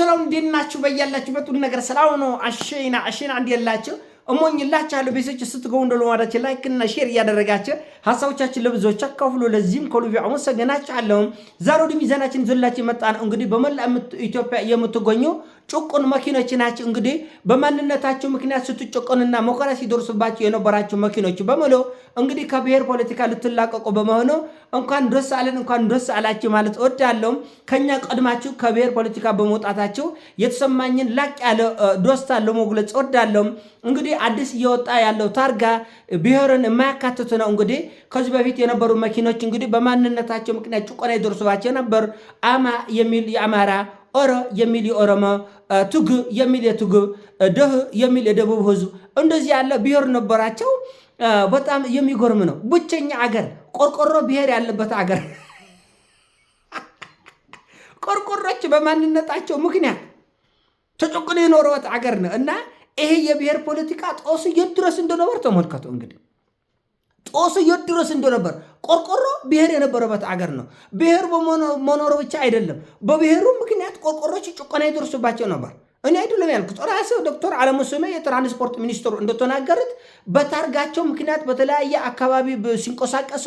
ሰላም እንዴት ናችሁ? በያላችሁበት ሁሉ ነገር ሰላም ነው። አሸና አሸና እንዲላችሁ እሞኝላችኋለሁ። ቤቶች ስትገቡ እንደሎ ማዳችሁ ላይክ እና ሼር እያደረጋችሁ ሀሳቦቻችን ለብዙዎች አካፍሉ። ለዚህም ከልብ አመሰግናችኋለሁ። ዛሬ ወደ ሚዛናችን ዞላችሁ መጣን። እንግዲህ በመላ ኢትዮጵያ የምትገኙ ጭቁን መኪኖች ናቸው። እንግዲህ በማንነታቸው ምክንያት ስትጭቁንና መከራ ሲደርሱባቸው የነበራቸው መኪኖች በሙሉ እንግዲህ ከብሔር ፖለቲካ ልትላቀቁ በመሆኑ እንኳን ደስ አለን እንኳን ደስ አላችሁ ማለት እወዳለሁ። ከኛ ቀድማችሁ ከብሔር ፖለቲካ በመውጣታችሁ የተሰማኝን ላቅ ያለ ደስታ ለመግለጽ እወዳለሁ። እንግዲህ አዲስ እየወጣ ያለው ታርጋ ብሔርን የማያካትት ነው። እንግዲህ ከዚህ በፊት የነበሩ መኪኖች እንግዲህ በማንነታቸው ምክንያት ጭቆና ይደርስባቸው ነበር። አማ የሚል የአማራ ኦረ የሚል የኦሮሞ ቱግ የሚል የቱግ ደህ የሚል የደቡብ ህዝብ እንደዚህ ያለ ብሔር ነበራቸው። በጣም የሚጎርም ነው። ብቸኛ አገር ቆርቆሮ ብሔር ያለበት አገር ቆርቆሮች በማንነታቸው ምክንያት ተጨቁኖ የኖረበት አገር ነው እና ይሄ የብሔር ፖለቲካ ጦሱ የት ድረስ እንደነበር ተመልከቱ። እንግዲህ ጦሱ የት ድረስ እንደነበር ቆርቆሮ ብሔር የነበረበት አገር ነው። ብሔር በመኖሩ ብቻ አይደለም፣ በብሔሩ ምክንያት ቆርቆሮች ጭቆና ይደርሱባቸው ነበር። እኔ አይደለም ያልኩት ራሴው ዶክተር አለሙ ስሜ የትራንስፖርት ሚኒስትሩ እንደተናገሩት በታርጋቸው ምክንያት በተለያየ አካባቢ ሲንቀሳቀሱ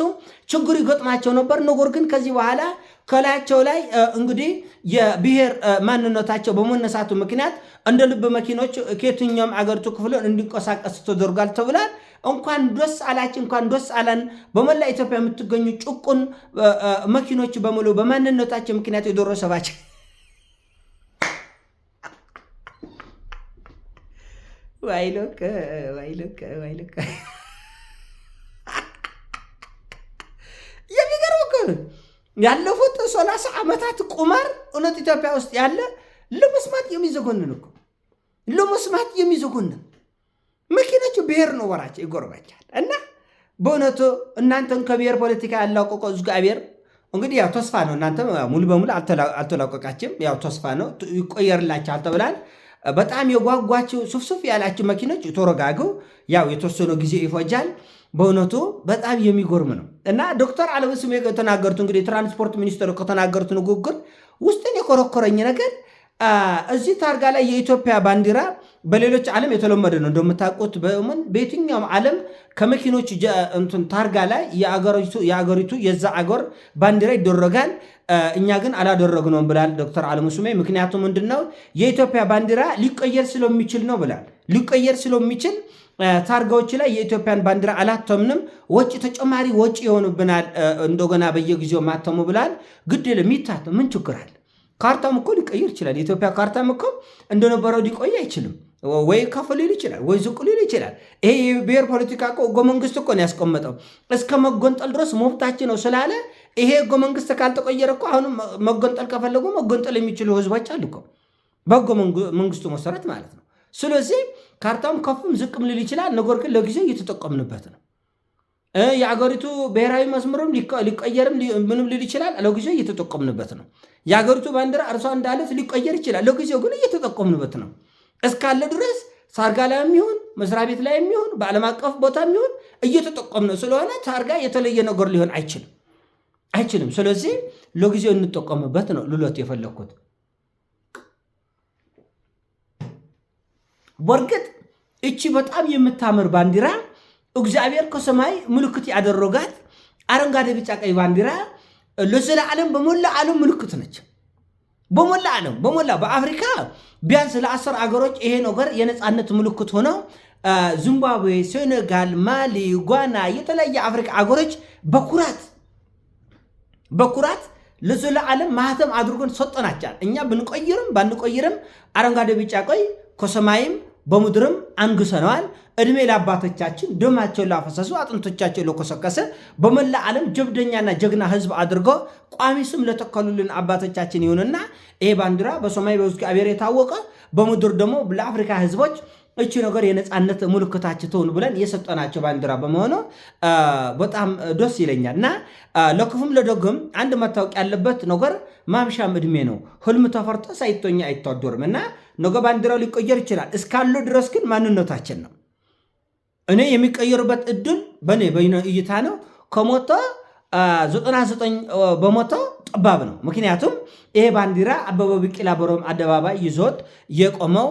ችግር ይገጥማቸው ነበር። ነገር ግን ከዚህ በኋላ ከላያቸው ላይ እንግዲህ የብሔር ማንነታቸው በመነሳቱ ምክንያት እንደ ልብ መኪኖች ከየትኛውም አገሪቱ ክፍል እንዲንቀሳቀሱ ተደርጓል ተብሏል። እንኳን ደስ አላች፣ እንኳን ደስ አላን። በመላ ኢትዮጵያ የምትገኙ ጭቁን መኪኖች በሙሉ በማንነታቸው ምክንያት የደረሰባቸው വയലൊക്കെ വയലൊക്കെ വയലൊക്കെ የሚገርም እኮ ያለፉት ሰላሳ ዓመታት ቁማር እውነት ኢትዮጵያ ውስጥ ያለ ለመስማት የሚዘጎንን እኮ ለመስማት የሚዘጎንን መኪኖቹ ብሔር ነው ወራቸው ይጎርባቻል። እና በእውነቱ እናንተን ከብሔር ፖለቲካ ያላቆቆ እግዚአብሔር እንግዲህ ያው ተስፋ ነው። እናንተ ሙሉ በሙሉ አልተላቆቃችም። ያው ተስፋ ነው፣ ይቆየርላችኋል ተብላል። በጣም የጓጓቸው ሱፍሱፍ ያላቸው መኪኖች ተረጋገው፣ ያው የተወሰነ ጊዜ ይፈጃል። በእውነቱ በጣም የሚጎርም ነው እና ዶክተር አለበስም የተናገሩት እንግዲህ የትራንስፖርት ሚኒስትሩ ከተናገሩት ንግግር ውስጥን የኮረኮረኝ ነገር እዚህ ታርጋ ላይ የኢትዮጵያ ባንዲራ በሌሎች ዓለም የተለመደ ነው። እንደምታውቁት በምን በየትኛውም ዓለም ከመኪኖች ታርጋ ላይ የአገሪቱ የዛ አገር ባንዲራ ይደረጋል። እኛ ግን አላደረግነውም ብላል ዶክተር አለሙ ስሜ። ምክንያቱ ምንድነው የኢትዮጵያ ባንዲራ ሊቀየር ስለሚችል ነው ብላል። ሊቀየር ስለሚችል ታርጋዎች ላይ የኢትዮጵያን ባንዲራ አላተምንም፣ ወጪ ተጨማሪ ወጪ የሆኑብናል፣ እንደገና በየጊዜው ማተሙ ብላል። ግድል የሚታተም ምን ችግር አለ? ካርታም እኮ ሊቀየር ይችላል። የኢትዮጵያ ካርታም እኮ እንደነበረው ሊቆይ አይችልም። ወይ ከፍ ሊል ይችላል፣ ወይ ዝቅ ሊል ይችላል። ይሄ የብሔር ፖለቲካ እኮ ህገ መንግስት እኮ ነው ያስቀመጠው። እስከ መጎንጠል ድረስ መብታችን ነው ስላለ ይሄ ህገ መንግስት ካልተቀየረ እኮ አሁንም መገንጠል ከፈለጉ መገንጠል የሚችሉ ህዝቦች አሉ እኮ በህገ መንግስቱ መሰረት ማለት ነው። ስለዚህ ካርታውም ከፍም ዝቅም ልል ይችላል። ነገር ግን ለጊዜው እየተጠቀምንበት ነው። የአገሪቱ ብሔራዊ መስመርም ሊቀየርም ምንም ልል ይችላል። ለጊዜው እየተጠቀምንበት ነው። የአገሪቱ ባንዲራ እርሷ እንዳለት ሊቀየር ይችላል። ለጊዜው ግን እየተጠቀምንበት ነው። እስካለ ድረስ ሳርጋ ላይ የሚሆን መስሪያ ቤት ላይ የሚሆን በዓለም አቀፍ ቦታ የሚሆን እየተጠቀምነው ስለሆነ ታርጋ የተለየ ነገር ሊሆን አይችልም። አይችልም። ስለዚህ ለጊዜው እንጠቀምበት ነው ልሎት የፈለግኩት። በእርግጥ እቺ በጣም የምታምር ባንዲራ እግዚአብሔር ከሰማይ ምልክት ያደረጋት አረንጓዴ፣ ቢጫ፣ ቀይ ባንዲራ ለዘላለም በሞላ ዓለም ምልክት ነች። በሞላ ዓለም በሞላ በአፍሪካ ቢያንስ ለአስር አገሮች ይሄ ነገር የነፃነት ምልክት ሆነው ዚምባብዌ፣ ሴኔጋል፣ ማሊ፣ ጓና የተለያየ አፍሪካ አገሮች በኩራት በኩራት ለዘለ ዓለም ማህተም አድርጎን ሰጠናቸዋል። እኛ ብንቆይርም ባንቆይርም አረንጓዴ ቢጫ፣ ቀይ ከሰማይም በምድርም አንግሰነዋል። እድሜ ለአባቶቻችን ደማቸውን ላፈሰሱ አጥንቶቻቸው ለኮሰከሰ በመላ ዓለም ጀብደኛና ጀግና ህዝብ አድርገው ቋሚ ስም ለተከሉልን አባቶቻችን ይሁንና ይሄ ባንዲራ በሰማይ በእግዚአብሔር የታወቀ በምድር ደግሞ ለአፍሪካ ህዝቦች እቺ ነገር የነፃነት ምልክታችሁ ትሆን ብለን የሰጠናቸው ባንዲራ በመሆኑ በጣም ደስ ይለኛል እና ለክፉም ለደግም አንድ መታወቅ ያለበት ነገር ማምሻም እድሜ ነው። ህልም ተፈርቶ ሳይቶኛ አይታደርም እና ነገ ባንዲራው ሊቀየር ይችላል። እስካሉ ድረስ ግን ማንነታችን ነው። እኔ የሚቀየሩበት እድል በእኔ እይታ ነው ከሞተ 99 በሞቶ ጠባብ ነው። ምክንያቱም ይሄ ባንዲራ አበበ ቢቂላ በሮም አደባባይ ይዞት የቆመው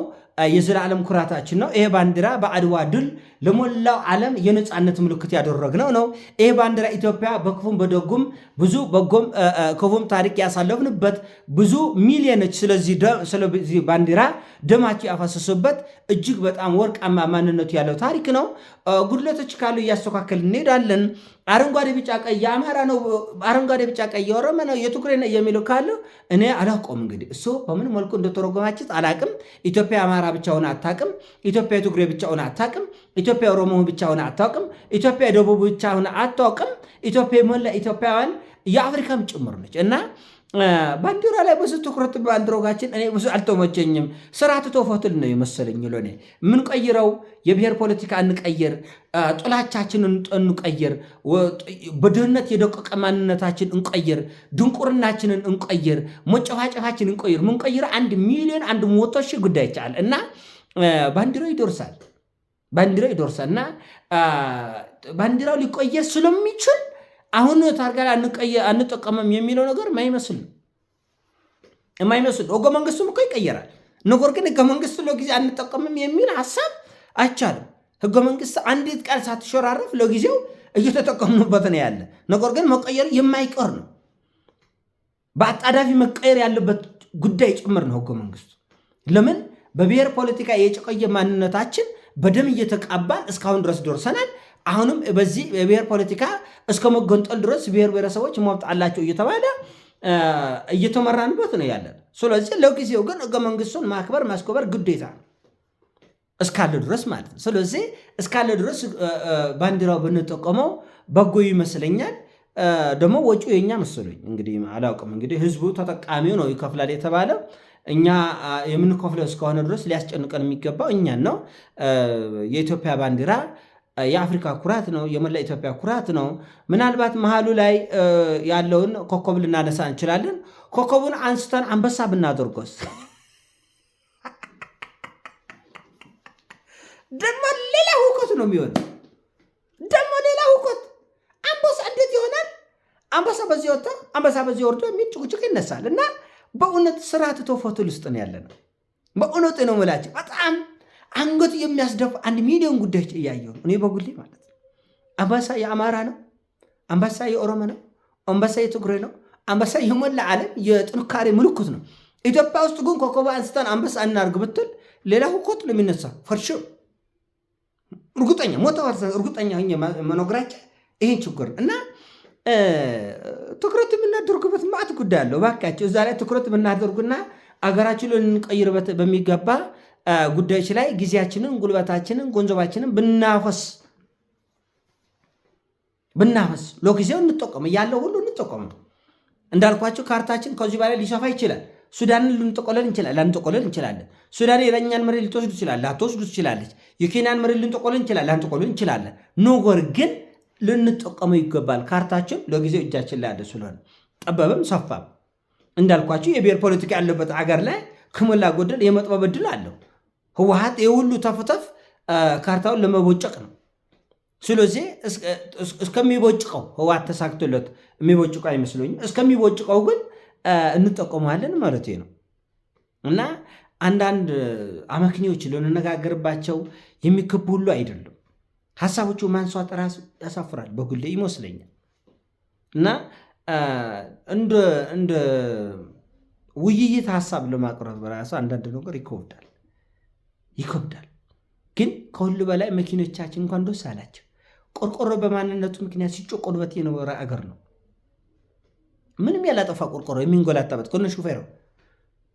የዘላለም ኩራታችን ነው። ይሄ ባንዲራ በአድዋ ድል ለሞላው ዓለም የነፃነት ምልክት ያደረግነው ነው። ይሄ ባንዲራ ኢትዮጵያ በክፉም በደጉም ብዙ በጎም ክፉም ታሪክ ያሳለፍንበት ብዙ ሚሊዮኖች ስለዚህ ባንዲራ ደማቸው ያፈሰሱበት እጅግ በጣም ወርቃማ ማንነቱ ያለው ታሪክ ነው። ጉድለቶች ካሉ እያስተካከል እንሄዳለን። አረንጓዴ ቢጫ ቀይ የአማራ ነው፣ አረንጓዴ ቢጫ ቀይ የኦሮሞ ነው፣ የትግሬ ነው የሚለው ካለ እኔ አላውቀውም። እንግዲህ እሱ በምን መልኩ እንደተረጎማችት አላቅም። ኢትዮጵያ አማራ ሆነ አታቅም። ኢትዮጵያ የትግሬ ሆነ አታቅም። ኢትዮጵያ ኦሮሞ ሆነ አታውቅም። ኢትዮጵያ የደቡብ ሆነ አታውቅም። ኢትዮጵያ የሞላ ኢትዮጵያውያን የአፍሪካም ጭምር ነች እና ባንዲራ ላይ ብዙ ትኩረት ባንድሮጋችን እኔ ብዙ አልተመቸኝም። ስራ ትቶፈትል ነው የመሰለኝ። ሎኔ የምንቀይረው የብሔር ፖለቲካ እንቀይር፣ ጥላቻችንን እንቀይር፣ በድህነት የደቀቀ ማንነታችን እንቀይር፣ ድንቁርናችንን እንቀይር፣ መጨፋጨፋችን እንቀይር። ምንቀይረ አንድ ሚሊዮን አንድ መቶ ሺህ ጉዳይ ይቻል እና ባንዲራ ይደርሳል፣ ባንዲራ ይደርሳል እና ባንዲራው ሊቆየር ስለሚችል አሁን ታርጋ ላይ አንጠቀምም የሚለው ነገር ማይመስል የማይመስል ህገ መንግስቱም እኮ ይቀየራል። ነገር ግን ህገ መንግስቱ ለጊዜ አንጠቀምም የሚል ሀሳብ አይቻልም። ህገ መንግስት አንዲት ቃል ሳትሸራረፍ ለጊዜው እየተጠቀምንበት ነው ያለ። ነገር ግን መቀየር የማይቀር ነው። በአጣዳፊ መቀየር ያለበት ጉዳይ ጭምር ነው ህገ መንግስቱ። ለምን በብሔር ፖለቲካ የጨቀየ ማንነታችን በደም እየተቃባን እስካሁን ድረስ ደርሰናል። አሁንም በዚህ የብሔር ፖለቲካ እስከ መገንጠል ድረስ ብሔር ብሔረሰቦች መብት አላቸው እየተባለ እየተመራንበት ነው ያለን። ስለዚህ ለጊዜው ግን ህገ መንግስቱን ማክበር ማስከበር ግዴታ ነው እስካለ ድረስ ማለት ነው። ስለዚህ እስካለ ድረስ ባንዲራው ብንጠቀመው በጎ ይመስለኛል። ደግሞ ወጪው የኛ መሰለኝ እንግዲህ አላውቅም። እንግዲህ ህዝቡ ተጠቃሚው ነው ይከፍላል የተባለ እኛ የምንከፍለው እስከሆነ ድረስ ሊያስጨንቀን የሚገባው እኛን ነው። የኢትዮጵያ ባንዲራ የአፍሪካ ኩራት ነው። የመላ ኢትዮጵያ ኩራት ነው። ምናልባት መሃሉ ላይ ያለውን ኮከብ ልናነሳ እንችላለን። ኮከቡን አንስተን አንበሳ ብናደርጎስ ደግሞ ሌላ ሁከት ነው የሚሆን። ደግሞ ሌላ ሁከት አንበሳ እንዴት ይሆናል? አንበሳ በዚህ ወጥቶ አንበሳ በዚህ ወርዶ የሚል ጭቅጭቅ ይነሳል። እና በእውነት ስራ ትቶ ፎቶል ውስጥ ነው ያለ ነው። በእውነት ነው ምላቸው በጣም አንገቱ የሚያስደፉ አንድ ሚሊዮን ጉዳዮች እያየሁ ነው እኔ በጉሌ ማለት ነው። አንበሳ የአማራ ነው። አንበሳ የኦሮሞ ነው። አንበሳ የትግሬ ነው። አንበሳ የሞላ ዓለም የጥንካሬ ምልክት ነው። ኢትዮጵያ ውስጥ ግን ኮከብ አንስተን አንበሳ እናርግ ብትል ሌላ ሁከት ነው የሚነሳ ፈርሽ እርግጠኛ ሞተ እርግጠኛ ሆኜ መኖግራቸው ይህን ችግር እና ትኩረት የምናደርጉበት ማዕት ጉዳይ አለው። እባካቸው እዛ ላይ ትኩረት የምናደርጉና አገራችን ልንቀይርበት በሚገባ ጉዳዮች ላይ ጊዜያችንን፣ ጉልበታችንን፣ ገንዘባችንን ብናፈስ ብናፈስ ለጊዜው እንጠቀም እያለው ሁሉ እንጠቀም። እንዳልኳቸው ካርታችን ከዚህ በላይ ሊሰፋ ይችላል። ሱዳንን ልንጠቆለል እንችላል ላንጠቆለል እንችላለን። ሱዳን የእኛን መሬት ልትወስዱ ይችላል ላትወስዱ ትችላለች። የኬንያን መሬት ልንጠቆለል እንችላል ላንጠቆለል እንችላለን። ነገር ግን ልንጠቀመው ይገባል። ካርታችን ለጊዜው እጃችን ላይ ያለ ስለሆነ ጠበብም ሰፋም እንዳልኳቸው የብሔር ፖለቲካ ያለበት አገር ላይ ከሞላ ጎደል የመጥበብ እድል አለው። ህወሓት የሁሉ ተፍተፍ ካርታውን ለመቦጨቅ ነው። ስለዚህ እስከሚቦጭቀው ህወሓት ተሳክቶለት የሚቦጭቀው አይመስለኝም። እስከሚቦጭቀው ግን እንጠቀመዋለን ማለት ነው እና አንዳንድ አመክንዮች ልንነጋገርባቸው የሚከቡ ሁሉ አይደለም። ሀሳቦቹ ማንሷት ራሱ ያሳፍራል በግሌ ይመስለኛል እና እንደ ውይይት ሀሳብ ለማቅረብ ራሱ አንዳንድ ነገር ይከወዳል። ይከብዳል። ግን ከሁሉ በላይ መኪኖቻችን እንኳን ደስ አላቸው። ቆርቆሮ በማንነቱ ምክንያት ሲጮቆንበት የነበረ አገር ነው። ምንም ያላጠፋ ቆርቆሮ የሚንጎላታበት ከነ ሹፌሩ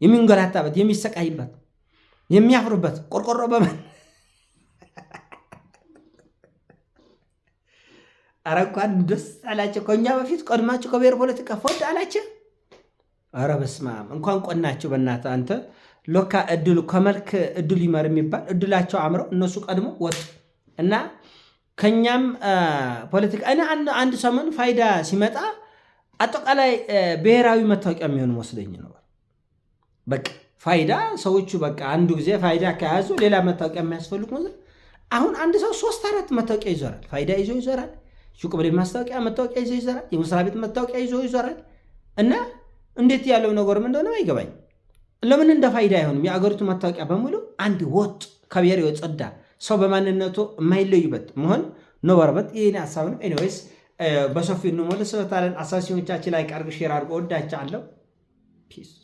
የሚንጎላታበት የሚሰቃይበት፣ የሚያፍሩበት ቆርቆሮ በማን አረ እንኳን ደስ አላቸው። ከኛ በፊት ቀድማቸው ከብሔር ፖለቲካ ፎድ አላቸው። አረ በስመ አብ እንኳን ቆናቸው በእናትህ አንተ ሎካ እድሉ ከመልክ እድሉ ይመር የሚባል እድላቸው አምረው እነሱ ቀድሞ ወጡ እና ከኛም ፖለቲካ እኔ አንድ ሰሞን ፋይዳ ሲመጣ አጠቃላይ ብሔራዊ መታወቂያ የሚሆን መስለኝ ነው። በቃ ፋይዳ ሰዎቹ በቃ አንዱ ጊዜ ፋይዳ ከያዙ ሌላ መታወቂያ የሚያስፈልግ አሁን አንድ ሰው ሶስት አራት መታወቂያ ይዞራል። ፋይዳ ይዞ ይዞራል። ሱቅ ማስታወቂያ መታወቂያ ይዞ ይዞራል። የመስሪያ ቤት መታወቂያ ይዞ ይዞራል። እና እንዴት ያለው ነገር ምን እንደሆነ አይገባኝም። ለምን እንደ ፋይዳ አይሆንም? የአገሪቱ መታወቂያ በሙሉ አንድ ወጥ ከብሔር የጸዳ ሰው በማንነቱ የማይለዩበት መሆን ነበረበት። ይህን ሀሳብ ነው። ኤኒዌይስ በሰፊው እንመለስበታለን። አሳሲዎቻችን ላይ ቀርግ ሼር አድርጎ ወዳቻ አለው ፒስ